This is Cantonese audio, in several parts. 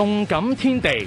動感天地。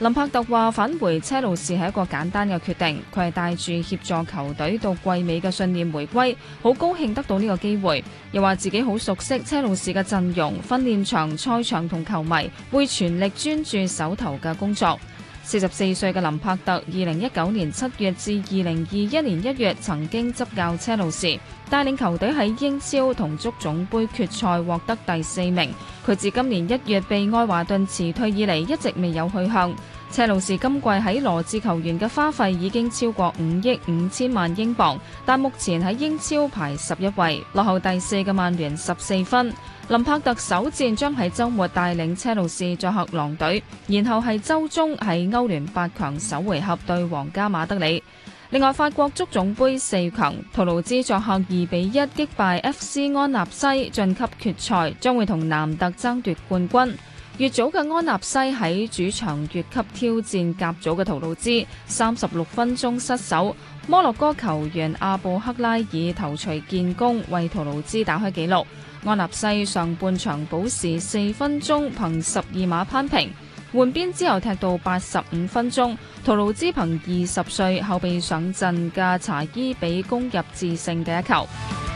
林柏特話：返回車路士係一個簡單嘅決定，佢係帶住協助球隊到季尾嘅信念回歸，好高興得到呢個機會。又話自己好熟悉車路士嘅陣容、訓練場、賽場同球迷，會全力專注手頭嘅工作。四十四歲嘅林柏特，二零一九年七月至二零二一年一月曾經執教車路士，帶領球隊喺英超同足總杯決賽獲得第四名。佢自今年一月被愛華頓辭退以嚟，一直未有去向。車路士今季喺羅致球員嘅花費已經超過五億五千萬英鎊，但目前喺英超排十一位，落後第四嘅曼聯十四分。林柏特首戰將喺周末帶領車路士作客狼隊，然後係周中喺歐聯八強首回合對皇家馬德里。另外，法國足總杯四強圖盧茲作客二比一擊敗 FC 安納西晉級決賽，將會同南特爭奪冠軍。越早嘅安納西喺主場越級挑戰甲組嘅圖魯茲，三十六分鐘失守。摩洛哥球員阿布克拉爾頭槌建功，為圖魯茲打開紀錄。安納西上半場補時四分鐘，憑十二碼扳平。換邊之後踢到八十五分鐘，圖魯茲憑二十歲後備上陣嘅查伊比攻入致勝嘅一球。